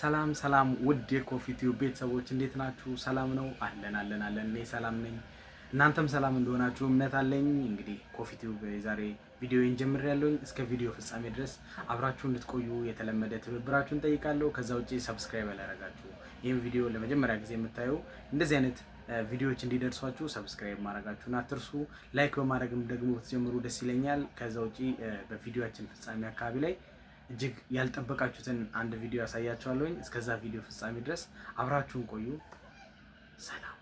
ሰላም ሰላም፣ ውድ የኮፊ ቲዩብ ቤተሰቦች እንዴት ናችሁ? ሰላም ነው አለን አለን አለን። እኔ ሰላም ነኝ፣ እናንተም ሰላም እንደሆናችሁ እምነት አለኝ። እንግዲህ ኮፊ ቲዩብ የዛሬ ቪዲዮን ጀምር ያለውኝ እስከ ቪዲዮ ፍጻሜ ድረስ አብራችሁ እንድትቆዩ የተለመደ ትብብራችሁን ጠይቃለሁ። ከዛ ውጭ ሰብስክራይብ ያላረጋችሁ ይህም ቪዲዮ ለመጀመሪያ ጊዜ የምታየው እንደዚህ አይነት ቪዲዮዎች እንዲደርሷችሁ ሰብስክራይብ ማድረጋችሁን አትርሱ። ላይክ በማድረግም ደግሞ ብትጀምሩ ደስ ይለኛል። ከዛ ውጪ በቪዲዮችን ፍጻሜ አካባቢ ላይ እጅግ ያልጠበቃችሁትን አንድ ቪዲዮ ያሳያችኋለሁኝ። እስከዛ ቪዲዮ ፍጻሜ ድረስ አብራችሁን ቆዩ። ሰላም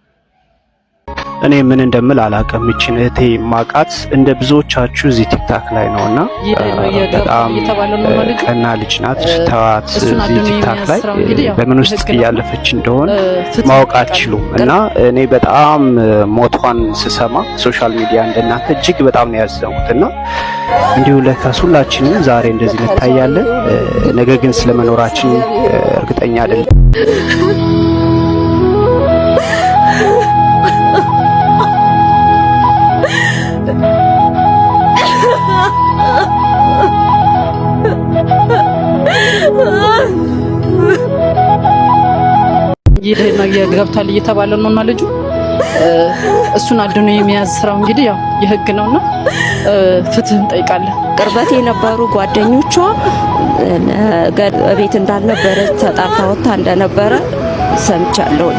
እኔ ምን እንደምል አላውቅም። ይችን እህቴ ማቃት እንደ ብዙዎቻችሁ እዚህ ቲክታክ ላይ ነውና በጣም ቀና ልጅ ናት። ተዋት። እዚህ ቲክታክ ላይ በምን ውስጥ እያለፈች እንደሆን ማወቅ አትችሉም። እና እኔ በጣም ሞቷን ስሰማ ሶሻል ሚዲያ እንደናንተ እጅግ በጣም ነው ያዘንኩት። እና እንዲሁ ለካስ ሁላችንም ዛሬ እንደዚህ እንታያለን። ነገር ግን ስለመኖራችን እርግጠኛ አይደለም። እየሄደ ገብቷል እየተባለ ነው እና ልጁ እሱን አድኖ የሚያዝ ስራው እንግዲህ ያው የህግ ነውና ፍትህ እንጠይቃለን። ቅርበት የነበሩ ጓደኞቿ ቤት እንዳልነበረ ተጣርታ ወጥታ እንደነበረ ሰምቻለሁ።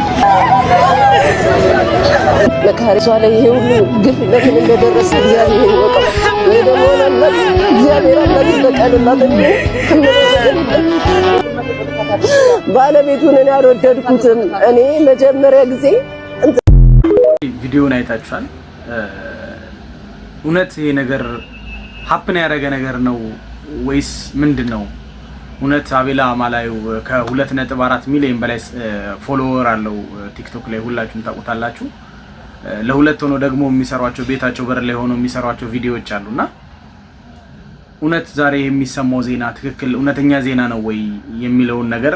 ለካሪሷ ላይ ይሄ ሁሉ ግፍ ለምን እንደደረሰ እግዚአብሔር ይወቀው። ወይ ደግሞ እግዚአብሔር አምላክ ደግሞ ባለቤቱን እኔ አልወደድኩትም። እኔ መጀመሪያ ጊዜ ቪዲዮን አይታችኋል። እውነት ይሄ ነገር ሀፕን ያደረገ ነገር ነው ወይስ ምንድን ነው? እውነት አቤላ ማላዩ ከ2.4 ሚሊዮን በላይ ፎሎወር አለው ቲክቶክ ላይ ሁላችሁም ታውቁታላችሁ። ለሁለት ሆኖ ደግሞ የሚሰሯቸው ቤታቸው በር ላይ ሆኖ የሚሰሯቸው ቪዲዮዎች አሉና እውነት ዛሬ የሚሰማው ዜና ትክክል እውነተኛ ዜና ነው ወይ የሚለውን ነገር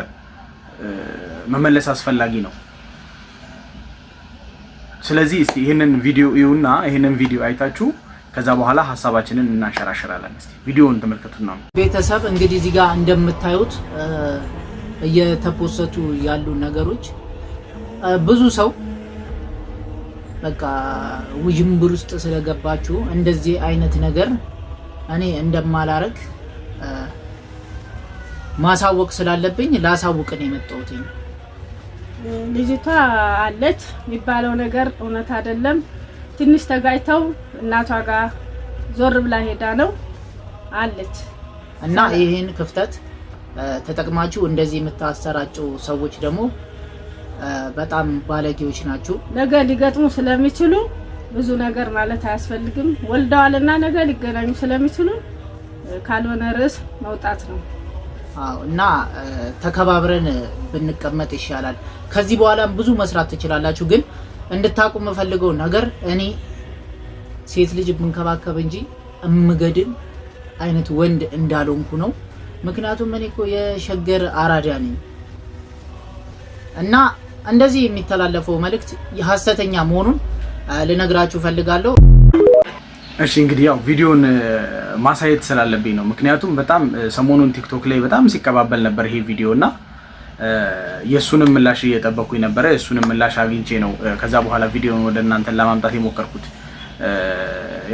መመለስ አስፈላጊ ነው። ስለዚህ እስቲ ይህንን ቪዲዮ እዩና ይህንን ቪዲዮ አይታችሁ ከዛ በኋላ ሀሳባችንን እናሸራሸራለን። እስቲ ቪዲዮውን ተመልከቱና ቤተሰብ እንግዲህ እዚህ ጋር እንደምታዩት እየተፖሰቱ ያሉ ነገሮች ብዙ ሰው በቃ ውዥንብር ውስጥ ስለገባችሁ እንደዚህ አይነት ነገር እኔ እንደማላረግ ማሳወቅ ስላለብኝ ላሳውቅ ነው የመጣሁት። ልጅቷ አለች የሚባለው ነገር እውነት አይደለም። ትንሽ ተጋጭተው እናቷ ጋር ዞር ብላ ሄዳ ነው አለች። እና ይህን ክፍተት ተጠቅማችሁ እንደዚህ የምታሰራጩ ሰዎች ደግሞ በጣም ባለጌዎች ናችሁ። ነገ ሊገጥሙ ስለሚችሉ ብዙ ነገር ማለት አያስፈልግም። ወልደዋልና ነገ ሊገናኙ ስለሚችሉ ካልሆነ ርዕስ መውጣት ነው። አዎ እና ተከባብረን ብንቀመጥ ይሻላል። ከዚህ በኋላም ብዙ መስራት ትችላላችሁ። ግን እንድታቁ የምፈልገው ነገር እኔ ሴት ልጅ የምንከባከብ እንጂ እምገድል አይነት ወንድ እንዳልሆንኩ ነው። ምክንያቱም እኔ እኮ የሸገር አራዳ ነኝ እና እንደዚህ የሚተላለፈው መልእክት የሀሰተኛ መሆኑን ልነግራችሁ ፈልጋለሁ። እሺ እንግዲህ ያው ቪዲዮን ማሳየት ስላለብኝ ነው። ምክንያቱም በጣም ሰሞኑን ቲክቶክ ላይ በጣም ሲቀባበል ነበር ይሄ ቪዲዮ እና የእሱንም ምላሽ እየጠበኩኝ ነበረ። የእሱንም ምላሽ አግኝቼ ነው ከዛ በኋላ ቪዲዮን ወደ እናንተን ለማምጣት የሞከርኩት።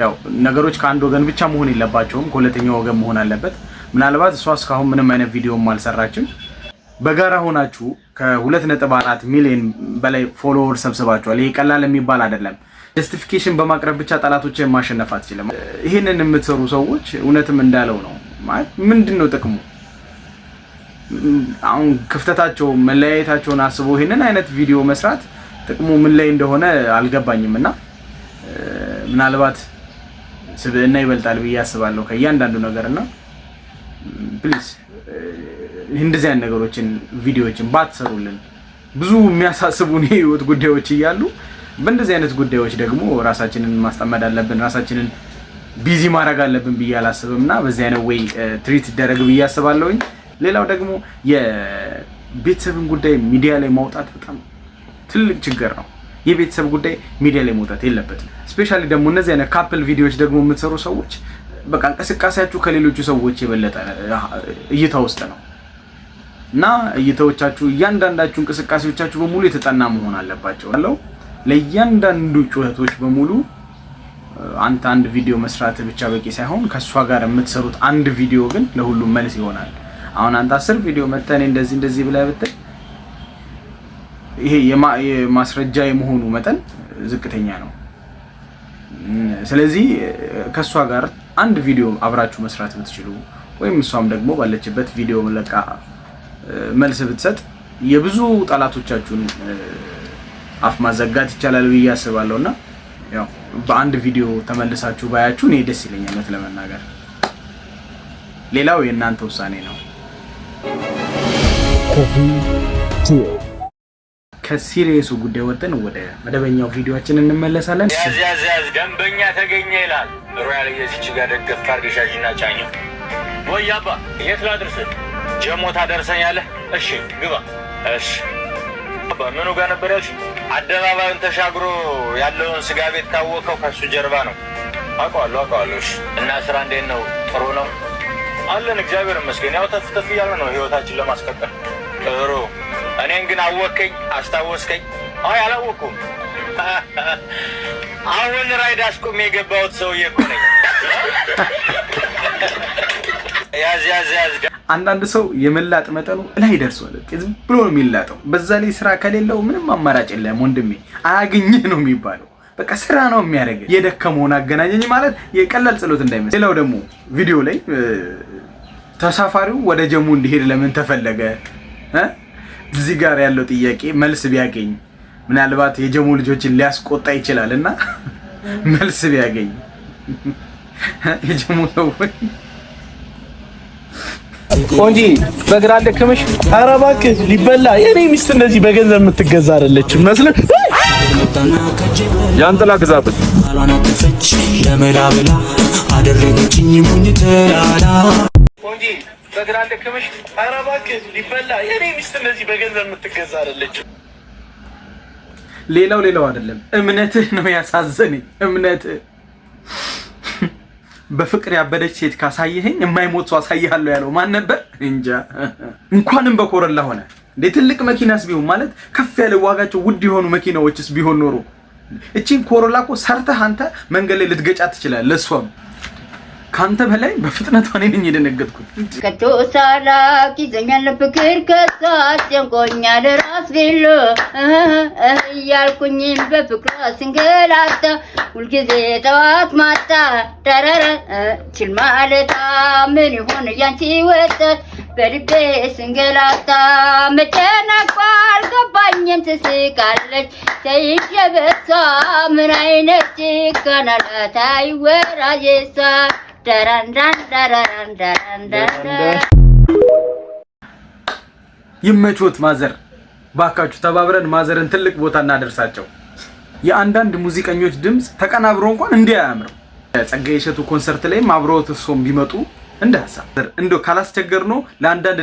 ያው ነገሮች ከአንድ ወገን ብቻ መሆን የለባቸውም፣ ከሁለተኛው ወገን መሆን አለበት። ምናልባት እሷ እስካሁን ምንም አይነት ቪዲዮም አልሰራችም በጋራ ሆናችሁ ከ2.4 ሚሊዮን በላይ ፎሎወር ሰብስባችኋል። ይሄ ቀላል የሚባል አይደለም። ጀስቲፊኬሽን በማቅረብ ብቻ ጠላቶችን ማሸነፍ አትችልም። ይህንን የምትሰሩ ሰዎች እውነትም እንዳለው ነው ምንድን ነው ጥቅሙ? አሁን ክፍተታቸው መለያየታቸውን አስቦ ይህንን አይነት ቪዲዮ መስራት ጥቅሙ ምን ላይ እንደሆነ አልገባኝም። እና ምናልባት ስብዕና ይበልጣል ብዬ አስባለሁ ከእያንዳንዱ ነገር እና ፕሊዝ እንደዚህ አይነት ነገሮችን ቪዲዮዎችን ባትሰሩልን ብዙ የሚያሳስቡን የህይወት ጉዳዮች እያሉ በእንደዚህ አይነት ጉዳዮች ደግሞ ራሳችንን ማስጠመድ አለብን፣ ራሳችንን ቢዚ ማድረግ አለብን ብዬ አላስብም እና በዚህ አይነት ወይ ትሪት uh, ይደረግ ብዬ አስባለሁኝ። ሌላው ደግሞ የቤተሰብን ጉዳይ ሚዲያ ላይ ማውጣት በጣም ትልቅ ችግር ነው። የቤተሰብ ጉዳይ ሚዲያ ላይ መውጣት የለበትም። ስፔሻሊ ደግሞ እነዚህ አይነት ካፕል ቪዲዮዎች ደግሞ የምትሰሩ ሰዎች በቃ እንቅስቃሴያችሁ ከሌሎቹ ሰዎች የበለጠ uh, እይታ ውስጥ ነው። እና እይታዎቻችሁ እያንዳንዳችሁ እንቅስቃሴዎቻችሁ በሙሉ የተጠና መሆን አለባቸው አለው። ለእያንዳንዱ ጩኸቶች በሙሉ አንተ አንድ ቪዲዮ መስራት ብቻ በቂ ሳይሆን ከእሷ ጋር የምትሰሩት አንድ ቪዲዮ ግን ለሁሉም መልስ ይሆናል። አሁን አንተ አስር ቪዲዮ መተን እንደዚህ እንደዚህ ብላ ብትል ይሄ የማስረጃ የመሆኑ መጠን ዝቅተኛ ነው። ስለዚህ ከእሷ ጋር አንድ ቪዲዮ አብራችሁ መስራት ብትችሉ ወይም እሷም ደግሞ ባለችበት ቪዲዮ ለቃ መልስ ብትሰጥ የብዙ ጠላቶቻችሁን አፍ ማዘጋት ይቻላል ብዬ አስባለሁ እና ያው በአንድ ቪዲዮ ተመልሳችሁ ባያችሁ እኔ ደስ ይለኛል እውነት ለመናገር። ሌላው የእናንተ ውሳኔ ነው። ከሲሪየሱ ጉዳይ ወጥን ወደ መደበኛው ቪዲዮችን እንመለሳለን። ያዝያዝያዝ ደንበኛ ተገኘ ይላል ሮያል የዚች ጋር ደገፍ ካርድ ሻዥና ወይ አባ የት ላድርስህ ጀሞታ ደርሰኛለህ? እሺ ግባ። እሺ በምኑ ጋር ነበር ያልሽ? አደባባዩን ተሻግሮ ያለውን ስጋ ቤት ታወቀው ከሱ ጀርባ ነው። አውቀዋለሁ አውቀዋለሁ። እሺ እና ስራ እንዴት ነው? ጥሩ ነው አለን። እግዚአብሔር ይመስገን። ያው ተፍተፍ እያለ ነው ህይወታችን ለማስቀጠል። ጥሩ። እኔን ግን አወከኝ፣ አስታወስከኝ። አይ አላወኩም። አሁን ራይድ አስቁሜ የገባሁት ሰውዬ እኮ ነኝ። ያዝ ያዝ ያዝ አንዳንድ ሰው የመላጥ መጠኑ ላይ ደርሷል። ዝም ብሎ ነው የሚላጠው። በዛ ላይ ስራ ከሌለው ምንም አማራጭ የለም ወንድሜ፣ አያገኝህ ነው የሚባለው። በቃ ስራ ነው የሚያደርግ። የደከመውን አገናኘኝ ማለት የቀላል ጸሎት እንዳይመስል። ሌላው ደግሞ ቪዲዮ ላይ ተሳፋሪው ወደ ጀሙ እንዲሄድ ለምን ተፈለገ? እዚህ ጋር ያለው ጥያቄ መልስ ቢያገኝ ምናልባት የጀሙ ልጆችን ሊያስቆጣ ይችላል እና መልስ ቢያገኝ የጀሙ ሰዎች ቆንጂ በግራ ልክምሽ። ኧረ እባክህ ሊበላ። የኔ ሚስት እንደዚህ በገንዘብ የምትገዛ አይደለችም መስለ ጃንጥላ ግዛበት። ቆንጂ ሊበላ። የኔ በገንዘብ ሌላው ሌላው አይደለም እምነትህ ነው ያሳዘነኝ እምነትህ በፍቅር ያበደች ሴት ካሳየኸኝ የማይሞት ሰው አሳይሃለሁ ያለው ማን ነበር? እንጃ። እንኳንም በኮረላ ሆነ እንዴ! ትልቅ መኪናስ ቢሆን ማለት ከፍ ያለ ዋጋቸው ውድ የሆኑ መኪናዎችስ ቢሆን ኖሮ እቺን ኮሮላ እኮ ሰርተህ አንተ መንገድ ላይ ልትገጫት ትችላለህ። ለእሷም ከአንተ በላይ በፍጥነት ሆኔ ነኝ የደነገጥኩት። ከቶ ሳላቅ ይዘኛል ፍቅር ከሳ አስጨንቆኛል ራስ ቤሎ እያልኩኝም በፍቅሯ ስንገላታ ሁልጊዜ ጠዋት ማታ ተረረ ችል ማለታ ምን ይሆን እያንቺ ወጣት በልቤ ስንገላታ መጨነቋ አልገባኝም። ትስቃለች ተይዤ ምን አይነት ጭካናላት አይወራ የሷ ይመቾት ማዘር፣ ባካችሁ ተባብረን ማዘርን ትልቅ ቦታ እናደርሳቸው። የአንዳንድ ሙዚቀኞች ድምፅ ተቀናብሮ እንኳን እንዲህ አያምርም። ጸጋዬ እሸቱ ኮንሰርት ላይም አብረውት እሱም ቢመጡ እንደ ሀሳብ እንደ ካላስቸገር ነው ለአንዳንድ